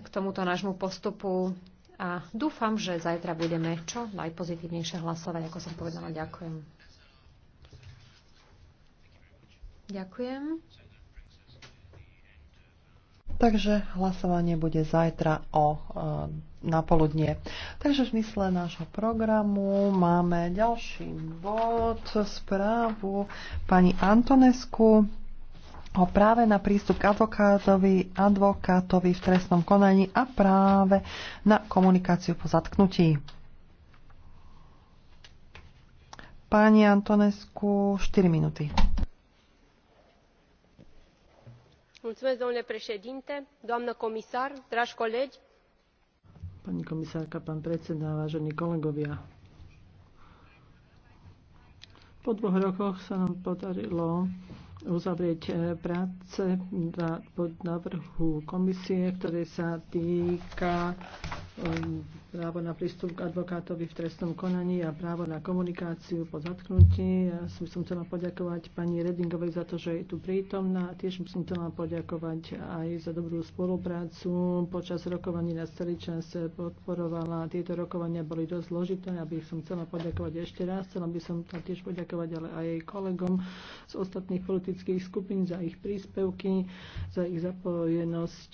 k tomuto nášmu postupu a dúfam, že zajtra budeme čo najpozitívnejšie hlasovať, ako som povedala. Ďakujem. Ďakujem. Takže hlasovanie bude zajtra o e, napoludnie. Takže v zmysle nášho programu máme ďalší bod, správu pani Antonesku o práve na prístup k advokátovi, advokátovi v trestnom konaní a práve na komunikáciu po zatknutí. Pani Antonescu, 4 minúty. Mulțumesc, domnule președinte, doamnă comisar, dragi colegi. Pani komisárka, pán predseda, vážení kolegovia. Po dvoch rokoch sa nám podarilo uzavrieť e, práce na, pod návrhu komisie, ktoré sa týka Um, právo na prístup k advokátovi v trestnom konaní a právo na komunikáciu po zatknutí. Ja som, som chcela poďakovať pani Redingovej za to, že je tu prítomná. Tiež som chcela poďakovať aj za dobrú spoluprácu. Počas rokovaní na celý čas podporovala. Tieto rokovania boli dosť zložité, aby som chcela poďakovať ešte raz. Chcela by som tiež poďakovať ale aj jej kolegom z ostatných politických skupín za ich príspevky, za ich zapojenosť.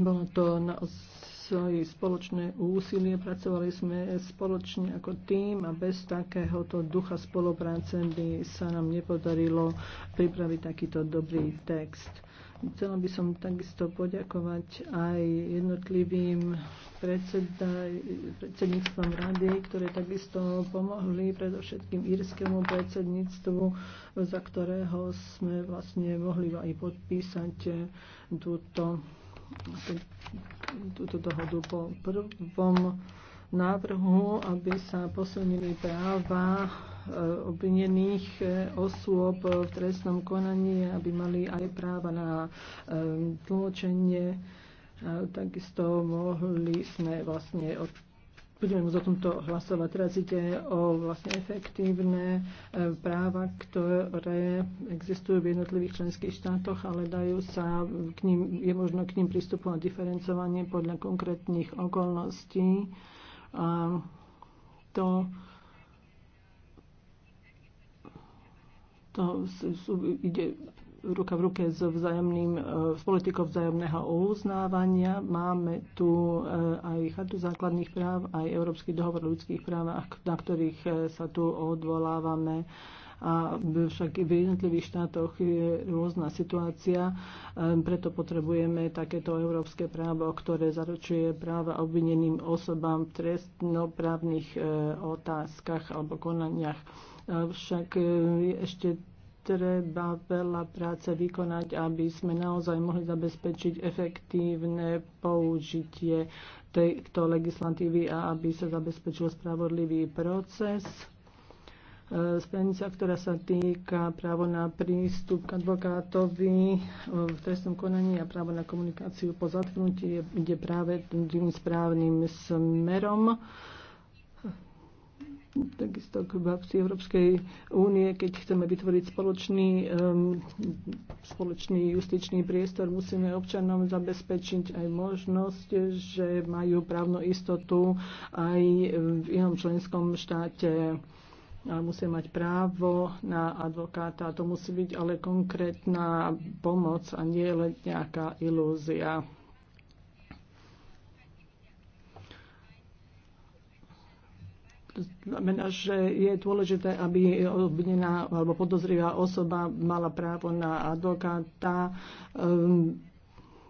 Bolo to naozaj svoje spoločné úsilie, pracovali sme spoločne ako tým a bez takéhoto ducha spolupráce by sa nám nepodarilo pripraviť takýto dobrý text. Chcela by som takisto poďakovať aj jednotlivým predseda, predsedníctvom rady, ktoré takisto pomohli predovšetkým írskému predsedníctvu, za ktorého sme vlastne mohli aj podpísať túto túto dohodu po prvom návrhu, aby sa posilnili práva e, obvinených e, osôb v trestnom konaní, aby mali aj práva na e, tlmočenie. Takisto mohli sme vlastne od budeme môcť o tomto hlasovať. Teraz ide o vlastne efektívne e, práva, ktoré existujú v jednotlivých členských štátoch, ale dajú sa k ním, je možno k ním pristupovať diferencovanie podľa konkrétnych okolností. A to to sú, ide ruka v ruke s vzájomným, e, s politikou vzájomného uznávania. Máme tu e, aj Chartu základných práv, aj Európsky dohovor o ľudských právach, na ktorých e, sa tu odvolávame a však v jednotlivých štátoch je rôzna situácia, preto potrebujeme takéto európske právo, ktoré zaručuje práva obvineným osobám v trestnoprávnych otázkach alebo konaniach. Však ešte treba veľa práce vykonať, aby sme naozaj mohli zabezpečiť efektívne použitie tejto legislatívy a aby sa zabezpečil spravodlivý proces. E, smernica, ktorá sa týka právo na prístup k advokátovi e, v trestnom konaní a právo na komunikáciu po zatknutí, ide práve tým správnym smerom takisto k rámci Európskej únie, keď chceme vytvoriť spoločný, um, spoločný justičný priestor, musíme občanom zabezpečiť aj možnosť, že majú právnu istotu aj v inom členskom štáte a musia mať právo na advokáta. To musí byť ale konkrétna pomoc a nie len nejaká ilúzia. znamená, že je dôležité, aby obvinená alebo podozrivá osoba mala právo na advokáta um,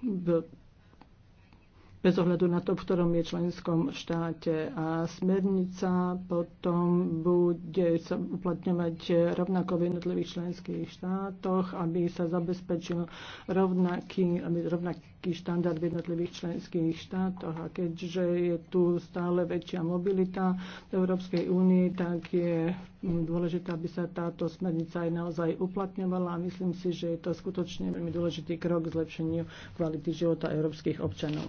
v bez ohľadu na to, v ktorom je členskom štáte. A smernica potom bude sa uplatňovať rovnako v jednotlivých členských štátoch, aby sa zabezpečil rovnaký, aby rovnaký štandard v jednotlivých členských štátoch. A keďže je tu stále väčšia mobilita v Európskej únii, tak je dôležité, aby sa táto smernica aj naozaj uplatňovala a myslím si, že je to skutočne veľmi dôležitý krok k zlepšeniu kvality života európskych občanov.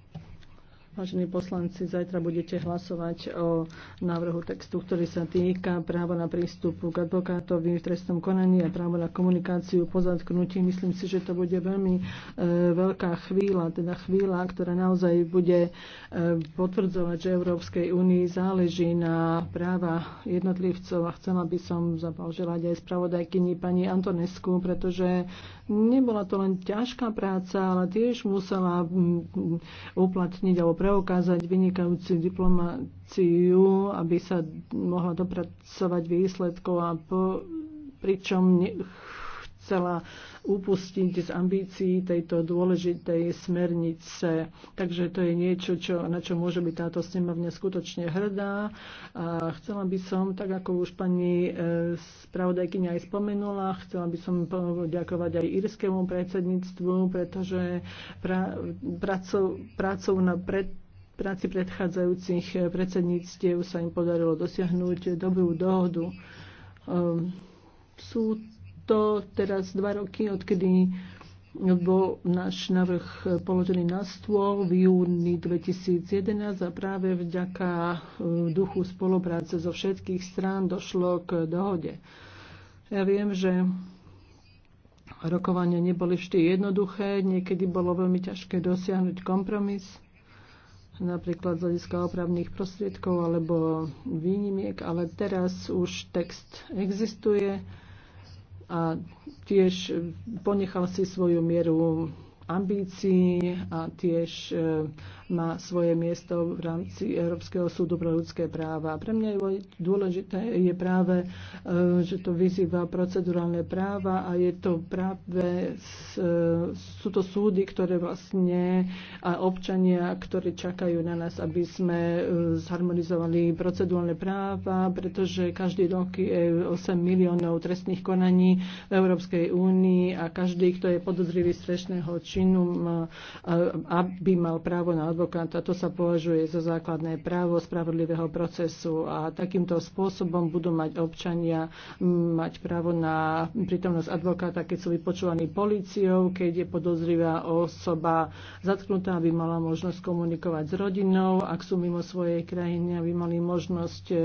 Vážení poslanci, zajtra budete hlasovať o návrhu textu, ktorý sa týka práva na prístup k advokátovi v trestnom konaní a právo na komunikáciu po zatknutí. Myslím si, že to bude veľmi e, veľká chvíľa, teda chvíľa, ktorá naozaj bude e, potvrdzovať, že Európskej únii záleží na práva jednotlivcov a chcela by som zablahoželať aj spravodajkyni pani Antonesku, pretože Nebola to len ťažká práca, ale tiež musela mm, mm, uplatniť alebo preukázať vynikajúcu diplomáciu, aby sa mohla dopracovať výsledkov a po, pričom ne, chcela upustiť z ambícií tejto dôležitej smernice. Takže to je niečo, čo, na čo môže byť táto snemovňa skutočne hrdá. A chcela by som, tak ako už pani e, spravodajkyňa aj spomenula, chcela by som poďakovať aj írskému predsedníctvu, pretože pra, pracov, pracov na pred práci predchádzajúcich predsedníctiev sa im podarilo dosiahnuť dobrú dohodu. Ehm, sú to teraz dva roky, odkedy bol náš návrh položený na stôl v júni 2011 a práve vďaka e, duchu spolupráce zo všetkých strán došlo k dohode. Ja viem, že rokovania neboli vždy jednoduché, niekedy bolo veľmi ťažké dosiahnuť kompromis, napríklad z hľadiska opravných prostriedkov alebo výnimiek, ale teraz už text existuje a tiež ponechal si svoju mieru ambícií a tiež e, má svoje miesto v rámci Európskeho súdu pre ľudské práva. Pre mňa je dôležité je práve, e, že to vyzýva procedurálne práva a je to práve, e, sú to súdy, ktoré vlastne a občania, ktorí čakajú na nás, aby sme zharmonizovali procedurálne práva, pretože každý rok je 8 miliónov trestných konaní v Európskej únii a každý, kto je podozrivý z trestného činu, činu, e, aby mal právo na advokáta. To sa považuje za základné právo spravodlivého procesu a takýmto spôsobom budú mať občania mať právo na prítomnosť advokáta, keď sú vypočúvaní políciou, keď je podozrivá osoba zatknutá, aby mala možnosť komunikovať s rodinou, ak sú mimo svojej krajiny, aby mali možnosť e,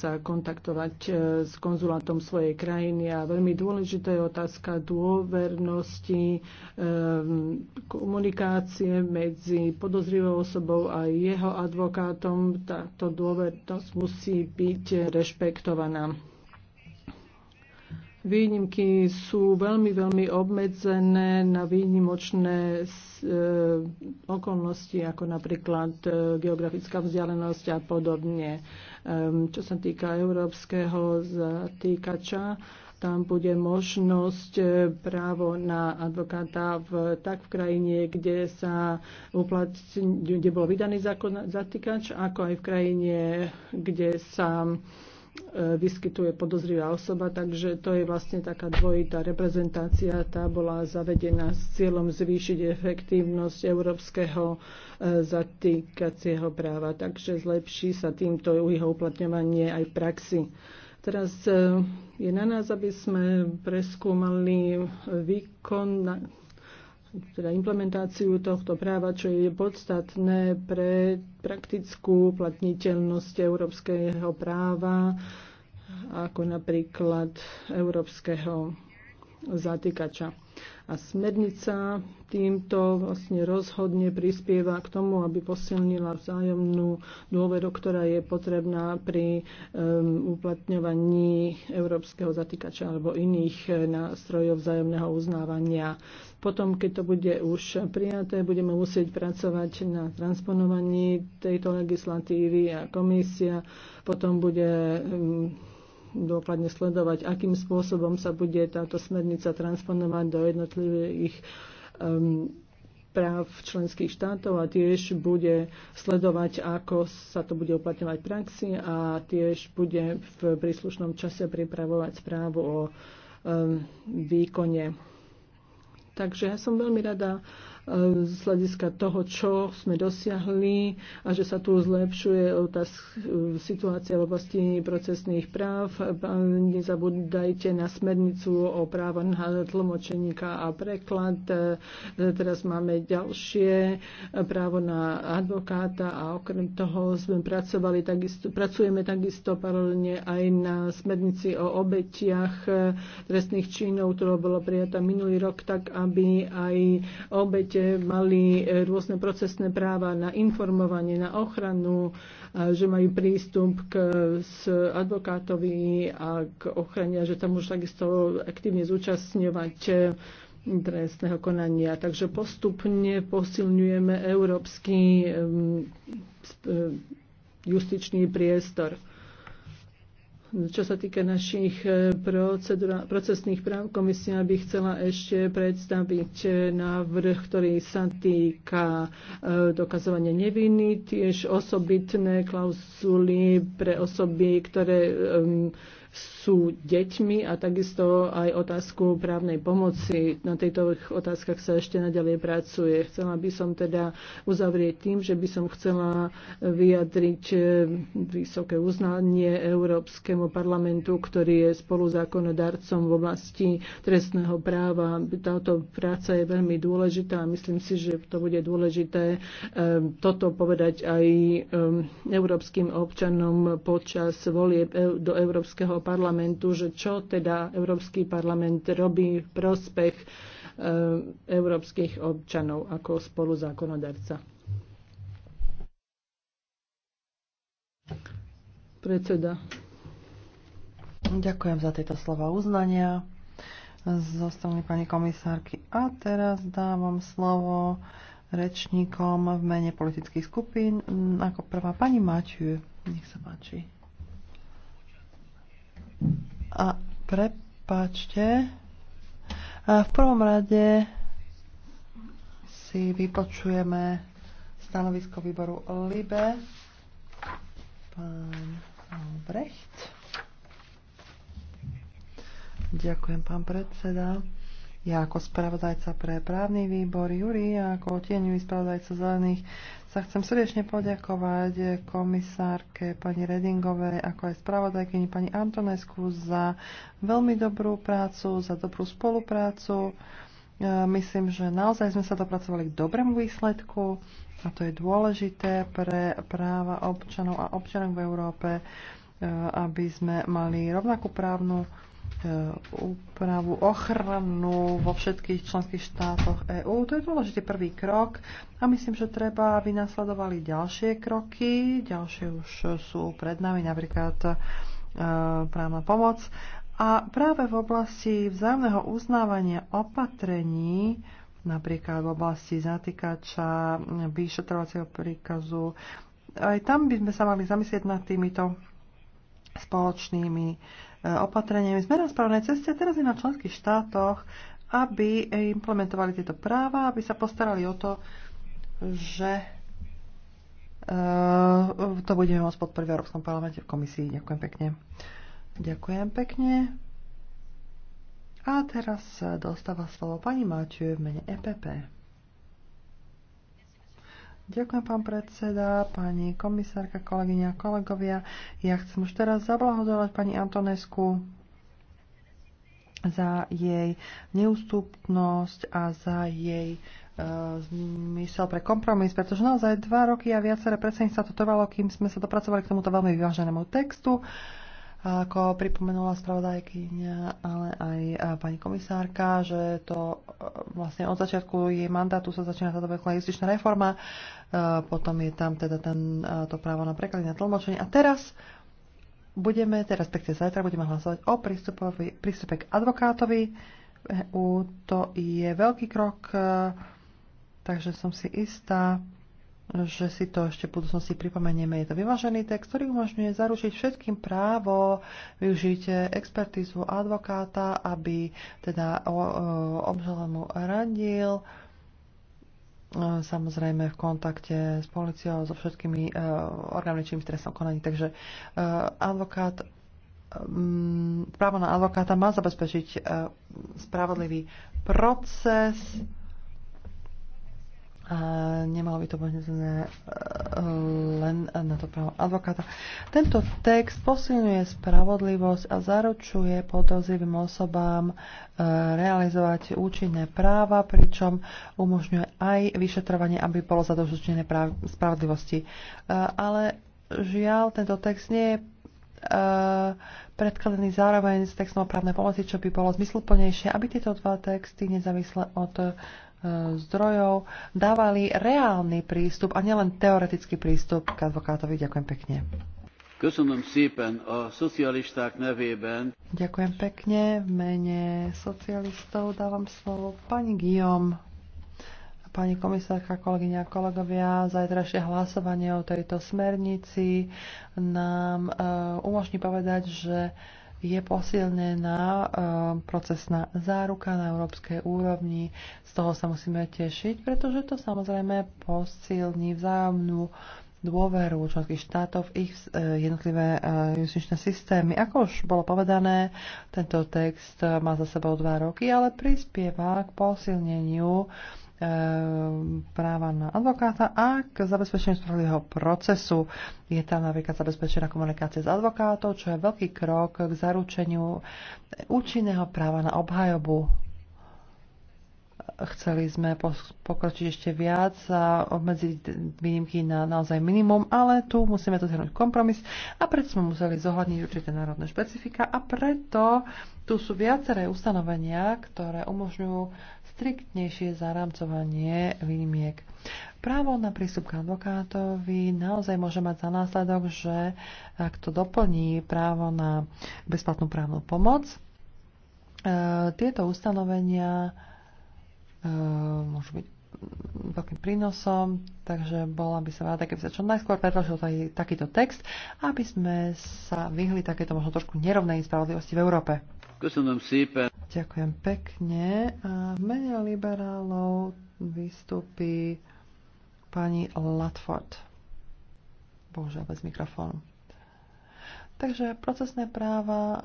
sa kontaktovať e, s konzulátom svojej krajiny a veľmi dôležitá je otázka dôvernosti e, komunikácie medzi podozrivou osobou a jeho advokátom. Táto dôvernosť musí byť rešpektovaná. Výnimky sú veľmi, veľmi obmedzené na výnimočné e, okolnosti, ako napríklad e, geografická vzdialenosť a podobne. Ehm, čo sa týka európskeho zatýkača, tam bude možnosť e, právo na advokáta v, tak v krajine, kde sa uplatň, kde bol vydaný zákon zatýkač, ako aj v krajine, kde sa E, vyskytuje podozrivá osoba, takže to je vlastne taká dvojitá reprezentácia. Tá bola zavedená s cieľom zvýšiť efektívnosť európskeho e, zatýkacieho práva, takže zlepší sa týmto jeho uplatňovanie aj praxi. Teraz e, je na nás, aby sme preskúmali výkon teda implementáciu tohto práva, čo je podstatné pre praktickú platniteľnosť európskeho práva, ako napríklad európskeho zatýkača. A smernica týmto vlastne rozhodne prispieva k tomu, aby posilnila vzájomnú dôveru, ktorá je potrebná pri um, uplatňovaní európskeho zatýkača alebo iných e, nástrojov vzájomného uznávania. Potom, keď to bude už prijaté, budeme musieť pracovať na transponovaní tejto legislatívy a komisia potom bude um, dôkladne sledovať, akým spôsobom sa bude táto smernica transponovať do jednotlivých um, práv členských štátov a tiež bude sledovať, ako sa to bude uplatňovať v praxi a tiež bude v príslušnom čase pripravovať správu o um, výkone. Takže ja som veľmi rada, z hľadiska toho, čo sme dosiahli a že sa tu zlepšuje tá e, situácia v oblasti procesných práv. Nezabúdajte na smernicu o práva na tlmočeníka a preklad. E, teraz máme ďalšie právo na advokáta a okrem toho sme pracovali takisto, pracujeme takisto paralelne aj na smernici o obetiach e, trestných činov, ktorá bola prijatá minulý rok, tak aby aj obeť určite mali e, rôzne procesné práva na informovanie, na ochranu, že majú prístup k s advokátovi a k ochrane, že tam už takisto aktívne zúčastňovať e, trestného konania. Takže postupne posilňujeme európsky e, justičný priestor čo sa týka našich e, procesných práv, komisia by chcela ešte predstaviť e, návrh, ktorý sa týka e, dokazovania neviny, tiež osobitné klauzuly pre osoby, ktoré um, sú deťmi a takisto aj otázku právnej pomoci. Na tejto otázkach sa ešte naďalej pracuje. Chcela by som teda uzavrieť tým, že by som chcela vyjadriť eh, vysoké uznanie Európskemu parlamentu, ktorý je spoluzákonodarcom v oblasti trestného práva. Táto práca je veľmi dôležitá a myslím si, že to bude dôležité eh, toto povedať aj eh, európskym občanom počas volieb do Európskeho parlamentu, že čo teda Európsky parlament robí v prospech e, európskych občanov ako spoluzákonodarca. Predseda. Ďakujem za tieto slova uznania zo strany pani komisárky. A teraz dávam slovo rečníkom v mene politických skupín. Ako prvá pani Maťu, nech sa páči. A prepáčte. A v prvom rade si vypočujeme stanovisko výboru LIBE. Pán Albrecht. Ďakujem, pán predseda. Ja ako spravodajca pre právny výbor Juri a ako tieňový spravodajca zelených sa chcem srdečne poďakovať eh, komisárke pani Redingovej, ako aj spravodajkyni pani Antonesku za veľmi dobrú prácu, za dobrú spoluprácu. Eh, myslím, že naozaj sme sa dopracovali k dobrému výsledku a to je dôležité pre práva občanov a občanov v Európe, eh, aby sme mali rovnakú právnu Eh, úpravu, ochranu vo všetkých členských štátoch EÚ. To je dôležitý prvý krok a myslím, že treba, aby nasledovali ďalšie kroky. Ďalšie už sú pred nami, napríklad eh, právna pomoc. A práve v oblasti vzájomného uznávania opatrení, napríklad v oblasti zatýkača, vyšetrovacieho príkazu, aj tam by sme sa mali zamyslieť nad týmito spoločnými opatreniami. Sme na správnej ceste, teraz je na členských štátoch, aby implementovali tieto práva, aby sa postarali o to, že e, to budeme môcť podporiť v Európskom parlamente v komisii. Ďakujem pekne. Ďakujem pekne. A teraz dostáva slovo pani Máčiu v mene EPP. Ďakujem, pán predseda, pani komisárka, kolegyňa a kolegovia. Ja chcem už teraz zablahodovať pani Antonesku za jej neústupnosť a za jej e, zmysel pre kompromis, pretože naozaj dva roky a viaceré predsedníctva to trvalo, kým sme sa dopracovali k tomuto veľmi vyváženému textu. Uh, ako pripomenula spravodajkyňa, ale aj pani komisárka, že to e, vlastne od začiatku jej mandátu sa začína táto vekla justičná reforma, e, potom je tam teda ten, e, to právo na preklady a tlmočenie a teraz budeme, teraz pekne zajtra budeme hlasovať o prístupe k advokátovi EU. To je veľký krok, takže som si istá, že si to ešte v budúcnosti pripomenieme. Je to vyvážený text, ktorý umožňuje zaručiť všetkým právo využiť expertízu advokáta, aby teda obžalému radil e, samozrejme v kontakte s policiou, so všetkými e, orgánmi činným trestnom konaní. Takže e, advokát právo na advokáta má zabezpečiť spravodlivý proces a nemalo by to pohnedzené e, len na to právo advokáta. Tento text posilňuje spravodlivosť a zaručuje podozrivým osobám e, realizovať účinné práva, pričom umožňuje aj vyšetrovanie, aby bolo zadozučené spravodlivosti. E, ale žiaľ, tento text nie je predkladený zároveň s textom o právnej pomoci, čo by bolo zmysluplnejšie, aby tieto dva texty nezávisle od zdrojov dávali reálny prístup a nielen teoretický prístup k advokátovi. Ďakujem pekne. Ďakujem pekne. V mene socialistov dávam slovo pani Guillaume. Pani komisárka, kolegyňa a kolegovia, zajtrajšie hlasovanie o tejto smernici nám eh, umožní povedať, že je posilnená eh, procesná záruka na európskej úrovni. Z toho sa musíme tešiť, pretože to samozrejme posilní vzájomnú dôveru členských štátov ich eh, jednotlivé eh, justičné systémy. Ako už bolo povedané, tento text má za sebou dva roky, ale prispieva k posilneniu Eh, práva na advokáta a k zabezpečeniu spravodlivého procesu. Je tam napríklad zabezpečená komunikácia s advokátom, čo je veľký krok k zaručeniu účinného práva na obhajobu. Chceli sme pokročiť ešte viac a obmedziť výnimky na naozaj minimum, ale tu musíme dosiahnuť kompromis a preto sme museli zohľadniť určité národné špecifika a preto tu sú viaceré ustanovenia, ktoré umožňujú striktnejšie zarámcovanie výnimiek. Právo na prístup k advokátovi naozaj môže mať za následok, že ak to doplní právo na bezplatnú právnu pomoc, e, tieto ustanovenia e, môžu byť veľkým prínosom, takže bola by sa rada, keby sa čo najskôr predložil taj, takýto text, aby sme sa vyhli takéto možno trošku nerovnej spravodlivosti v Európe. Köszönöm szépen. Ďakujem pekne. A v mene liberálov vystúpi pani Latford. Bože, bez mikrofónu. Takže procesné práva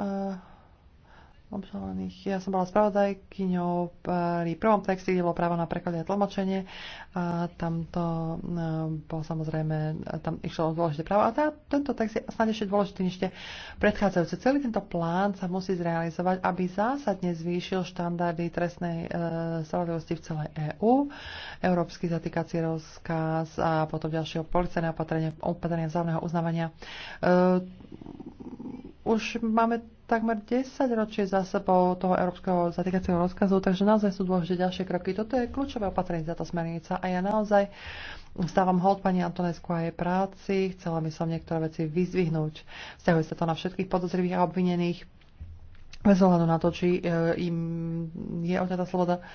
obžalených. Ja som bola spravodajkyňou pri prvom texte, kde bolo právo na preklady a tlmočenie. A tam to e, bolo samozrejme, tam išlo o dôležité právo. A tá, tento text je snad ešte dôležitý než tie predchádzajúce. Celý tento plán sa musí zrealizovať, aby zásadne zvýšil štandardy trestnej e, spravodlivosti v celej EÚ. Európsky zatýkací rozkaz a potom ďalšie policajného opatrenia, opatrenia vzávneho uznávania. E, už máme takmer 10 ročie za sebou toho európskeho zatýkacieho rozkazu, takže naozaj sú dôležité ďalšie kroky. Toto je kľúčové opatrenie za tá smernica a ja naozaj Vstávam hold pani Antonesku a jej práci, chcela by som niektoré veci vyzvihnúť. Vzťahuje sa to na všetkých podozrivých a obvinených, bez ohľadu na to, či e, im je odňatá sloboda.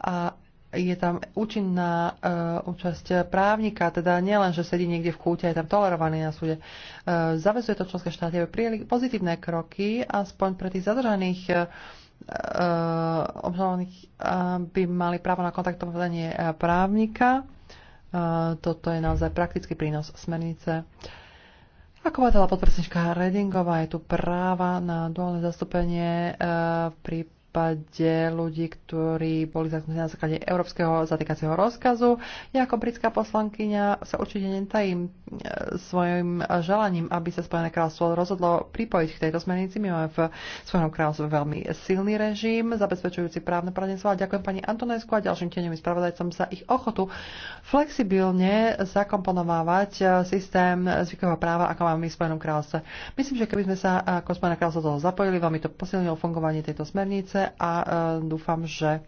A je tam účinná uh, účasť právnika, teda nielen, že sedí niekde v kúte, je tam tolerovaný na súde. Uh, zavezuje to členské štáty, aby prijeli pozitívne kroky, aspoň pre tých zadržaných Uh, obžalovaných by mali právo na kontaktovanie právnika. Uh, toto je naozaj praktický prínos smernice. Ako povedala podpredsednička Redingová, je tu práva na duálne zastúpenie v prípade prípade ľudí, ktorí boli zatknutí na základe európskeho zatýkacieho rozkazu. Ja ako britská poslankyňa sa určite netajím e, svojim želaním, aby sa Spojené kráľstvo rozhodlo pripojiť k tejto smernici. My máme v Spojenom kráľstve veľmi silný režim, zabezpečujúci právne poradenstvo ďakujem pani Antonesku a ďalším tieňom spravodajcom za ich ochotu flexibilne zakomponovávať e, systém zvykového práva, ako máme my v Spojenom kráľstve. Myslím, že keby sme sa e, ako Spojené kráľstvo toho zapojili, veľmi to posilnilo fungovanie tejto smernice a e, dúfam, že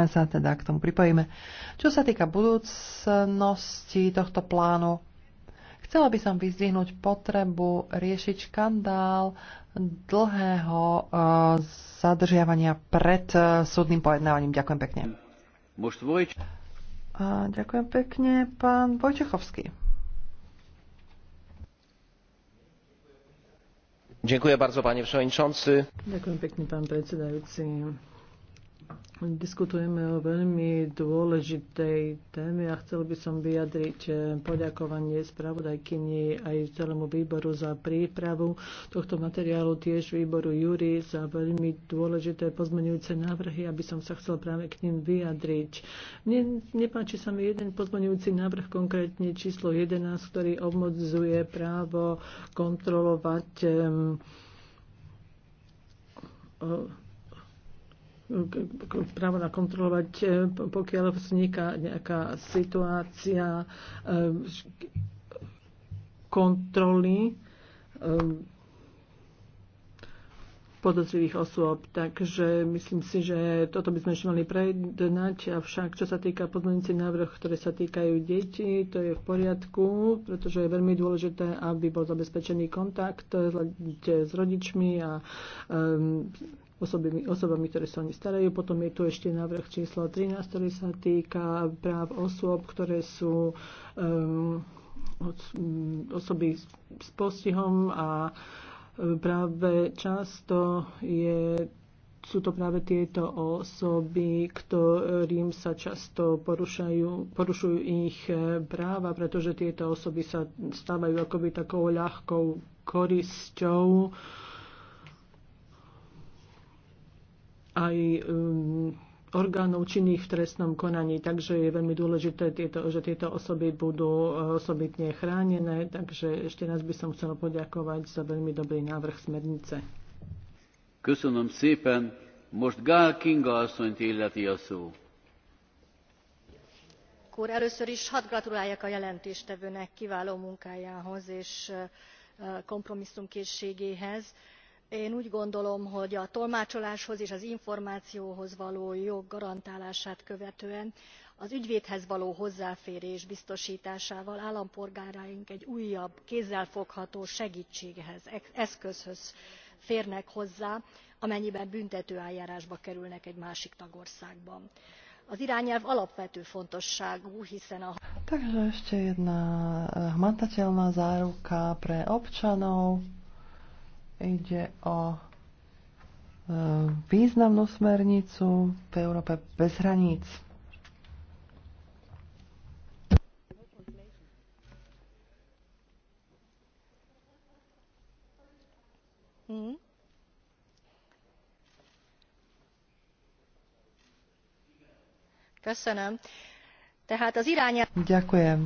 sa teda k tomu pripojíme. Čo sa týka budúcnosti tohto plánu, chcela by som vyzdvihnúť potrebu riešiť škandál dlhého e, zadržiavania pred e, súdnym pojednávaním. Ďakujem pekne. Ďakujem pekne, pán Vojčechovský. Ďakujem bardzo, panie przewodniczący. Ďakujem pekne, pán predsedajúci. Diskutujeme o veľmi dôležitej téme a chcel by som vyjadriť eh, poďakovanie spravodajkyni aj celému výboru za prípravu tohto materiálu, tiež výboru Júri za veľmi dôležité pozmenujúce návrhy, aby som sa chcel práve k ním vyjadriť. Mne nepáči sa mi jeden pozmenujúci návrh, konkrétne číslo 11, ktorý obmodzuje právo kontrolovať um, um, právo na kontrolovať, e, pokiaľ vzniká nejaká situácia e, kontroly e, podozrivých osôb. Takže myslím si, že toto by sme ešte mali prejednať. Avšak, čo sa týka pozmeňujúcich návrh, ktoré sa týkajú detí, to je v poriadku, pretože je veľmi dôležité, aby bol zabezpečený kontakt s rodičmi a um, osobami, osobami, ktoré sa o ne starajú. Potom je tu ešte návrh číslo 13, ktorý sa týka práv osôb, ktoré sú um, mm, osoby s postihom a um, práve často je sú to práve tieto osoby, ktorým sa často porušajú, porušujú ich eh, práva, pretože tieto osoby sa stávajú akoby takou ľahkou korisťou aj um, orgánov činných v trestnom konaní, takže je veľmi dôležité, tieto, že tieto osoby budú uh, osobitne chránené. Takže ešte raz by som chcela poďakovať za veľmi dobrý návrh smernice. Köszönöm szépen. Most Gál Kinga asszonyt illeti a szó. Úr, először is hadd gratuláljak a jelentéstevőnek kiváló munkájához és uh, kompromisszumkészségéhez én úgy gondolom hogy a tolmácsoláshoz és az információhoz való jog garantálását követően az ügyvédhez való hozzáférés biztostásával állampolgáraink egy újabb kézzelfogható segtséghez eszközhöz férnek hozzá amennyiben büntetőeljárásba kerülnek egy másik tagországban. az irányelv alapvető fontosságú hiszen a. takže ešte jedna hmatateľná záruka pre občanov Ide o e, významnú smernicu v Európe bez hraníc. Hmm? Ďakujem.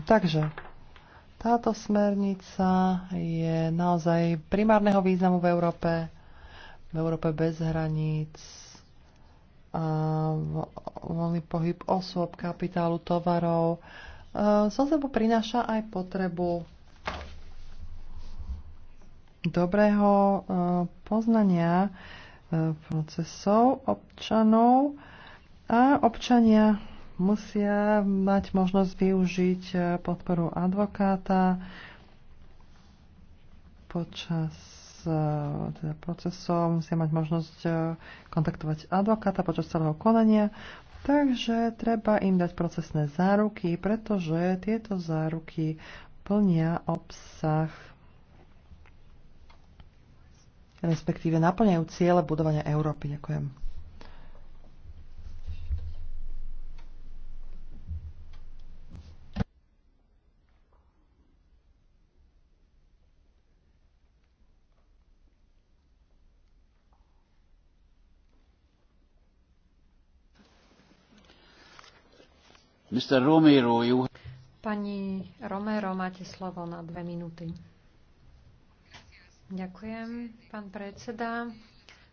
Takže táto smernica je naozaj primárneho významu v Európe, v Európe bez hraníc, a voľný pohyb osôb, kapitálu, tovarov. So e, sebou prináša aj potrebu dobrého e, poznania e, procesov občanov a občania musia mať možnosť využiť e, podporu advokáta počas e, teda procesov, musia mať možnosť e, kontaktovať advokáta počas celého konania. Takže treba im dať procesné záruky, pretože tieto záruky plnia obsah respektíve naplňajú ciele budovania Európy. Ďakujem. Mr. Romero, you... Pani Romero, máte slovo na dve minúty. Ďakujem, pán predseda.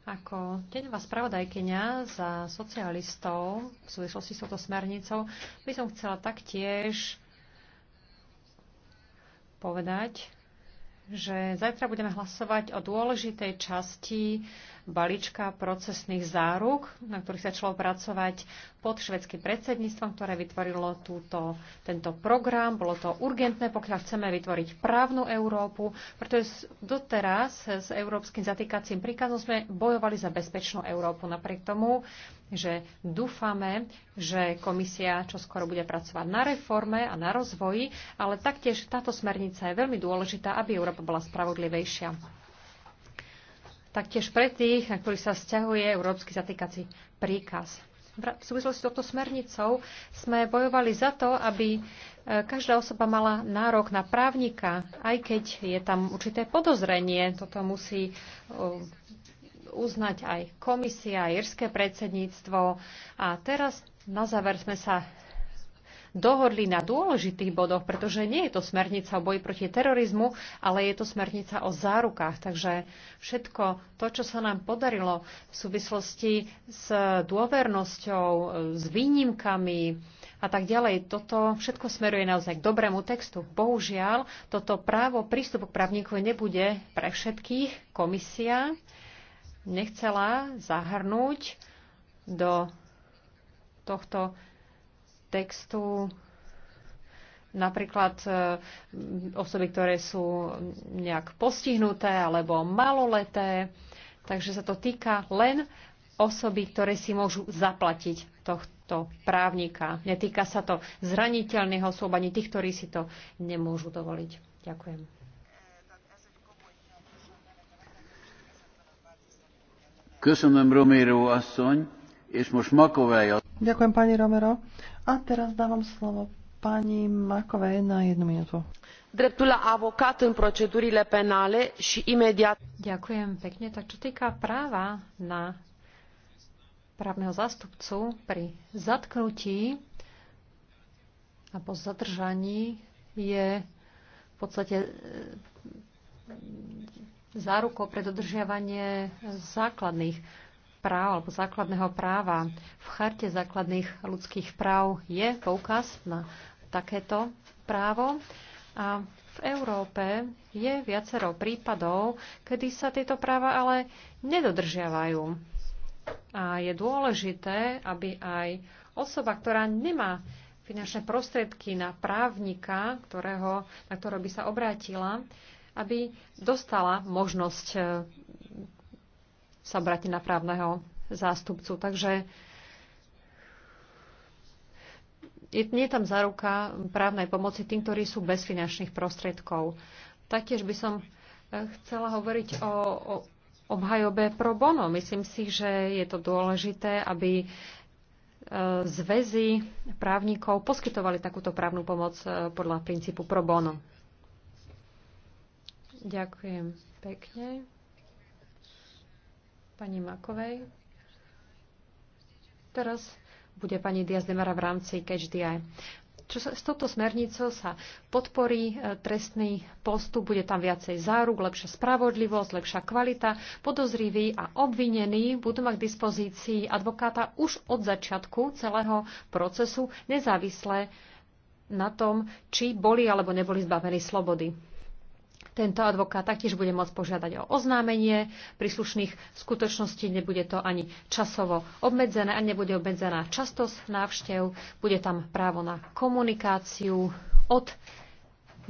Ako teňová spravodajkenia za socialistov v súvislosti s touto smernicou by som chcela taktiež povedať, že zajtra budeme hlasovať o dôležitej časti balíčka procesných záruk, na ktorých začalo pracovať pod švedským predsedníctvom, ktoré vytvorilo túto, tento program. Bolo to urgentné, pokiaľ chceme vytvoriť právnu Európu, pretože doteraz s európskym zatýkacím príkazom sme bojovali za bezpečnú Európu. Napriek tomu, že dúfame, že komisia čoskoro bude pracovať na reforme a na rozvoji, ale taktiež táto smernica je veľmi dôležitá, aby Európa bola spravodlivejšia taktiež pre tých, na ktorých sa vzťahuje európsky zatýkací príkaz. V súvislosti s touto smernicou sme bojovali za to, aby e, každá osoba mala nárok na právnika, aj keď je tam určité podozrenie. Toto musí e, uznať aj komisia, aj irské predsedníctvo. A teraz na záver sme sa dohodli na dôležitých bodoch, pretože nie je to smernica o boji proti terorizmu, ale je to smernica o zárukách. Takže všetko to, čo sa nám podarilo v súvislosti s dôvernosťou, s výnimkami, a tak ďalej. Toto všetko smeruje naozaj k dobrému textu. Bohužiaľ, toto právo prístupu k právníkovi nebude pre všetkých. Komisia nechcela zahrnúť do tohto textu napríklad e, osoby, ktoré sú nejak postihnuté alebo maloleté. Takže sa to týka len osoby, ktoré si môžu zaplatiť tohto právnika. Netýka sa to zraniteľných osôb ani tých, ktorí si to nemôžu dovoliť. Ďakujem. Köszönöm, Romero asszony. Ďakujem pani Romero. A teraz dávam slovo pani Makovej na jednu minútu. Dreptul la avocat în procedurile penale și imediat... Ďakujem pekne. Tak čo týka práva na právneho zástupcu pri zatknutí a po zadržaní je v podstate e, zárukou pre dodržiavanie základných práv alebo základného práva. V charte základných ľudských práv je poukaz na takéto právo. A v Európe je viacero prípadov, kedy sa tieto práva ale nedodržiavajú. A je dôležité, aby aj osoba, ktorá nemá finančné prostriedky na právnika, ktorého, na ktorého by sa obrátila, aby dostala možnosť sa obráti na právneho zástupcu. Takže je, nie je tam záruka právnej pomoci tým, ktorí sú bez finančných prostriedkov. Taktiež by som e, chcela hovoriť o, o obhajobe pro bono. Myslím si, že je to dôležité, aby e, zväzy právnikov poskytovali takúto právnu pomoc e, podľa princípu pro bono. Ďakujem pekne pani Makovej. Teraz bude pani Diazdemara v rámci CatchDI. Čo sa, s touto smernicou sa podporí e, trestný postup, bude tam viacej záruk, lepšia spravodlivosť, lepšia kvalita. Podozriví a obvinení budú mať k dispozícii advokáta už od začiatku celého procesu, nezávisle na tom, či boli alebo neboli zbavení slobody. Tento advokát taktiež bude môcť požiadať o oznámenie príslušných skutočností. Nebude to ani časovo obmedzené a nebude obmedzená častosť návštev. Bude tam právo na komunikáciu od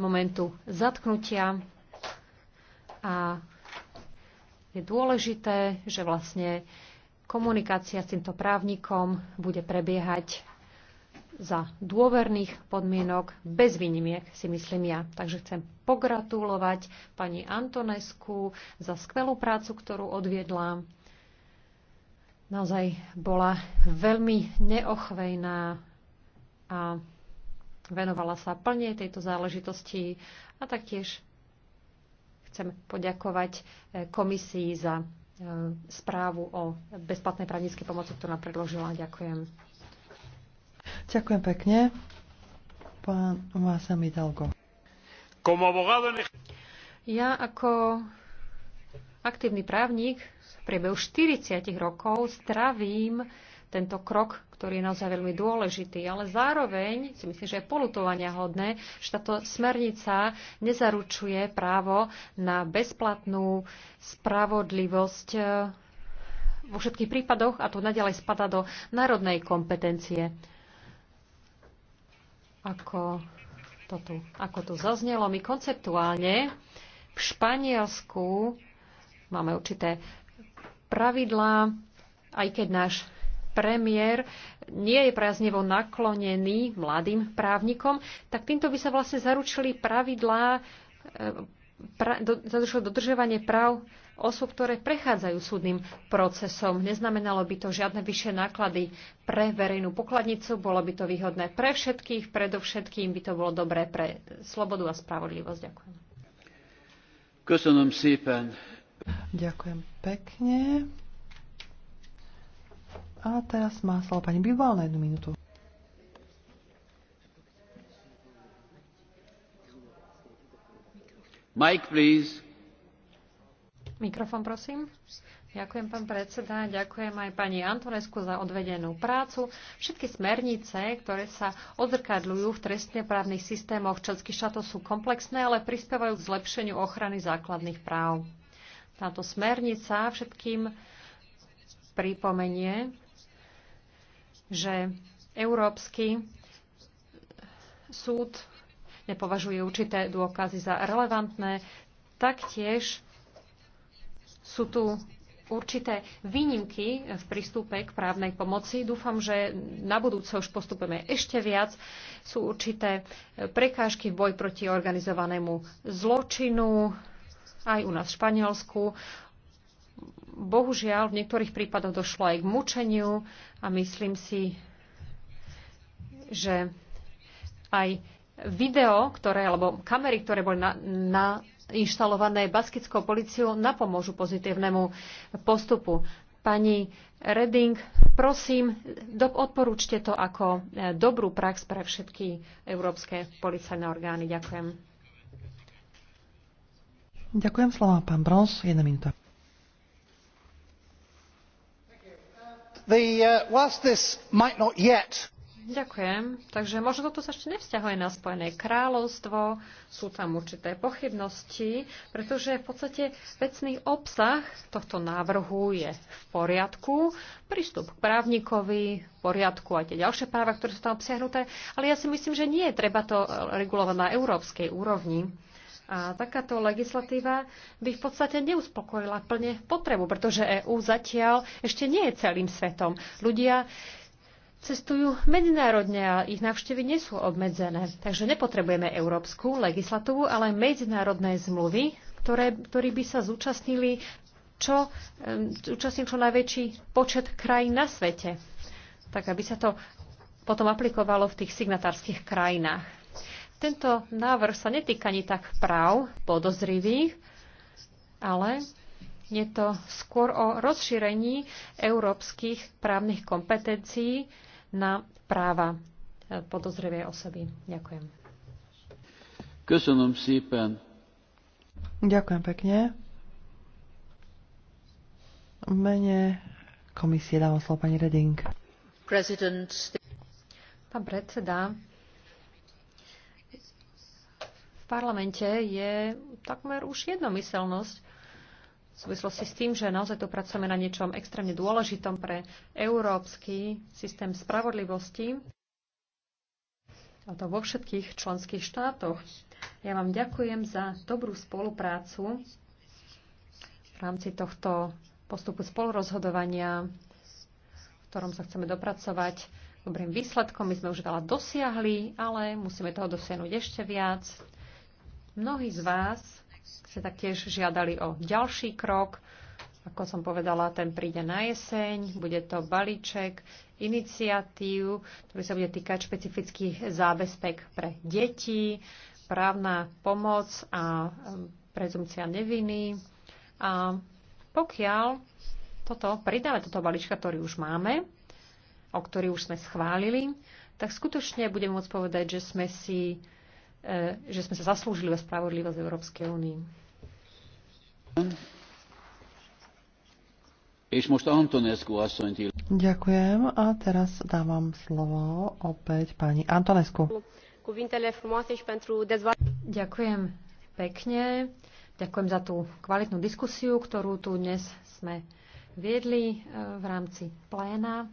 momentu zatknutia. A je dôležité, že vlastne komunikácia s týmto právnikom bude prebiehať za dôverných podmienok, bez výnimiek, si myslím ja. Takže chcem pogratulovať pani Antonesku za skvelú prácu, ktorú odviedla. Naozaj bola veľmi neochvejná a venovala sa plne tejto záležitosti a taktiež chcem poďakovať eh, komisii za eh, správu o bezplatnej právnickej pomoci, ktorú nám predložila. Ďakujem. Ďakujem pekne. Pán Vásam Hidalgo. Ja ako aktívny právnik v priebehu 40 rokov stravím tento krok, ktorý je naozaj veľmi dôležitý. Ale zároveň si myslím, že je polutovania hodné, že táto smernica nezaručuje právo na bezplatnú spravodlivosť eh, vo všetkých prípadoch a to nadalej spada do národnej kompetencie. Ako to tu, ako tu zaznelo, my konceptuálne v Španielsku máme určité pravidlá, aj keď náš premiér nie je priaznevo naklonený mladým právnikom, tak týmto by sa vlastne zaručili pravidlá e, pra, do, dodržovanie práv osôb, ktoré prechádzajú súdnym procesom. Neznamenalo by to žiadne vyššie náklady pre verejnú pokladnicu, bolo by to výhodné pre všetkých, predovšetkým by to bolo dobré pre slobodu a spravodlivosť. Ďakujem. Ďakujem pekne. A teraz má slovo pani Bivalna na jednu minútu. Ďakujem, pán predseda. Ďakujem aj pani Antonesku za odvedenú prácu. Všetky smernice, ktoré sa odzrkadľujú v trestne právnych systémoch členských štátov, sú komplexné, ale prispievajú k zlepšeniu ochrany základných práv. Táto smernica všetkým pripomenie, že Európsky súd nepovažuje určité dôkazy za relevantné. Taktiež sú tu určité výnimky v prístupe k právnej pomoci. Dúfam, že na budúce už postupujeme ešte viac. Sú určité prekážky v boj proti organizovanému zločinu aj u nás v Španielsku. Bohužiaľ, v niektorých prípadoch došlo aj k mučeniu a myslím si, že aj video, ktoré, alebo kamery, ktoré boli nainštalované na baskickou policiou napomôžu pozitívnemu postupu. Pani Reding, prosím, do, odporúčte to ako e, dobrú prax pre všetky európske policajné orgány. Ďakujem. Ďakujem slova, pán Brons, jedna minúta. The, uh, whilst this might not yet Ďakujem. Takže možno toto sa ešte nevzťahuje na Spojené kráľovstvo, sú tam určité pochybnosti, pretože v podstate vecný obsah tohto návrhu je v poriadku, prístup k právnikovi v poriadku a tie ďalšie práva, ktoré sú tam obsiahnuté, ale ja si myslím, že nie, treba to regulovať na európskej úrovni. A takáto legislatíva by v podstate neuspokojila plne potrebu, pretože EÚ zatiaľ ešte nie je celým svetom. Ľudia cestujú medzinárodne a ich návštevy nie sú obmedzené. Takže nepotrebujeme európsku legislatívu, ale medzinárodné zmluvy, ktoré, ktorí by sa zúčastnili čo, zúčastnil čo najväčší počet krajín na svete. Tak aby sa to potom aplikovalo v tých signatárskych krajinách. Tento návrh sa netýka ani tak práv podozrivých, ale je to skôr o rozšírení európskych právnych kompetencií na práva e, podozrivej osoby. Ďakujem. Köszönöm szépen. Ďakujem pekne. V mene komisie dávam slovo pani Reding. President... Pán predseda, v parlamente je takmer už jednomyselnosť súvislosti s tým, že naozaj tu pracujeme na niečom extrémne dôležitom pre európsky systém spravodlivosti, a to vo všetkých členských štátoch. Ja vám ďakujem za dobrú spoluprácu v rámci tohto postupu spolurozhodovania, v ktorom sa chceme dopracovať dobrým výsledkom. My sme už veľa dosiahli, ale musíme toho dosiahnuť ešte viac. Mnohí z vás sa taktiež žiadali o ďalší krok. Ako som povedala, ten príde na jeseň, bude to balíček iniciatív, ktorý sa bude týkať špecifických zábezpek pre deti, právna pomoc a um, prezumcia neviny. A pokiaľ toto pridáme, toto balíčka, ktorý už máme, o ktorý už sme schválili, tak skutočne budem môcť povedať, že sme si E, že sme sa zaslúžili o spravodlivosť Európskej únii. Ďakujem a teraz dávam slovo opäť pani Antonescu. Ďakujem pekne. Ďakujem za tú kvalitnú diskusiu, ktorú tu dnes sme viedli e, v rámci pléna.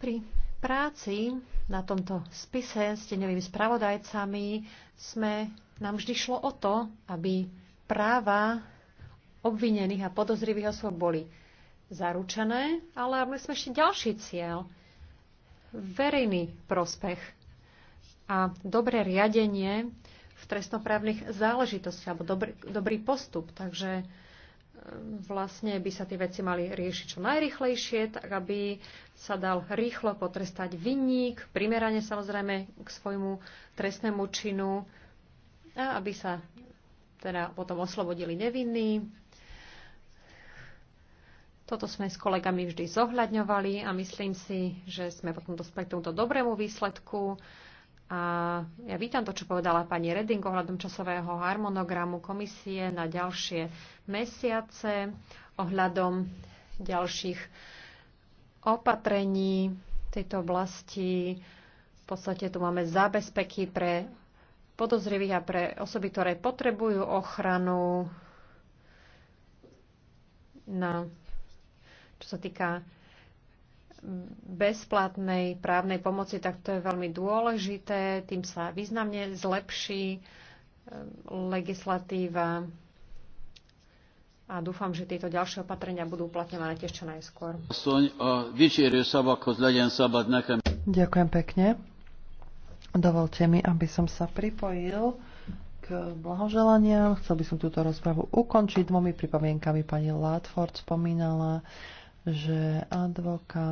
Pri práci na tomto spise s teňovými spravodajcami sme, nám vždy šlo o to, aby práva obvinených a podozrivých osôb boli zaručené, ale my sme ešte ďalší cieľ. Verejný prospech a dobré riadenie v trestnoprávnych záležitostiach alebo dobrý, dobrý postup. Takže vlastne by sa tie veci mali riešiť čo najrychlejšie, tak aby sa dal rýchlo potrestať vinník, primerane samozrejme k svojmu trestnému činu a aby sa teda potom oslobodili nevinní. Toto sme s kolegami vždy zohľadňovali a myslím si, že sme potom dospeli k tomuto dobrému výsledku. A ja vítam to, čo povedala pani Redding ohľadom časového harmonogramu komisie na ďalšie mesiace, ohľadom ďalších opatrení tejto oblasti. V podstate tu máme zábezpeky pre podozrivých a pre osoby, ktoré potrebujú ochranu. Na, čo sa týka bezplatnej právnej pomoci, tak to je veľmi dôležité. Tým sa významne zlepší eh, legislatíva a dúfam, že tieto ďalšie opatrenia budú uplatňované tiež čo najskôr. Ďakujem pekne. Dovolte mi, aby som sa pripojil k blahoželaniam. Chcel by som túto rozpravu ukončiť dvomi pripomienkami. Pani Latford spomínala, že advokát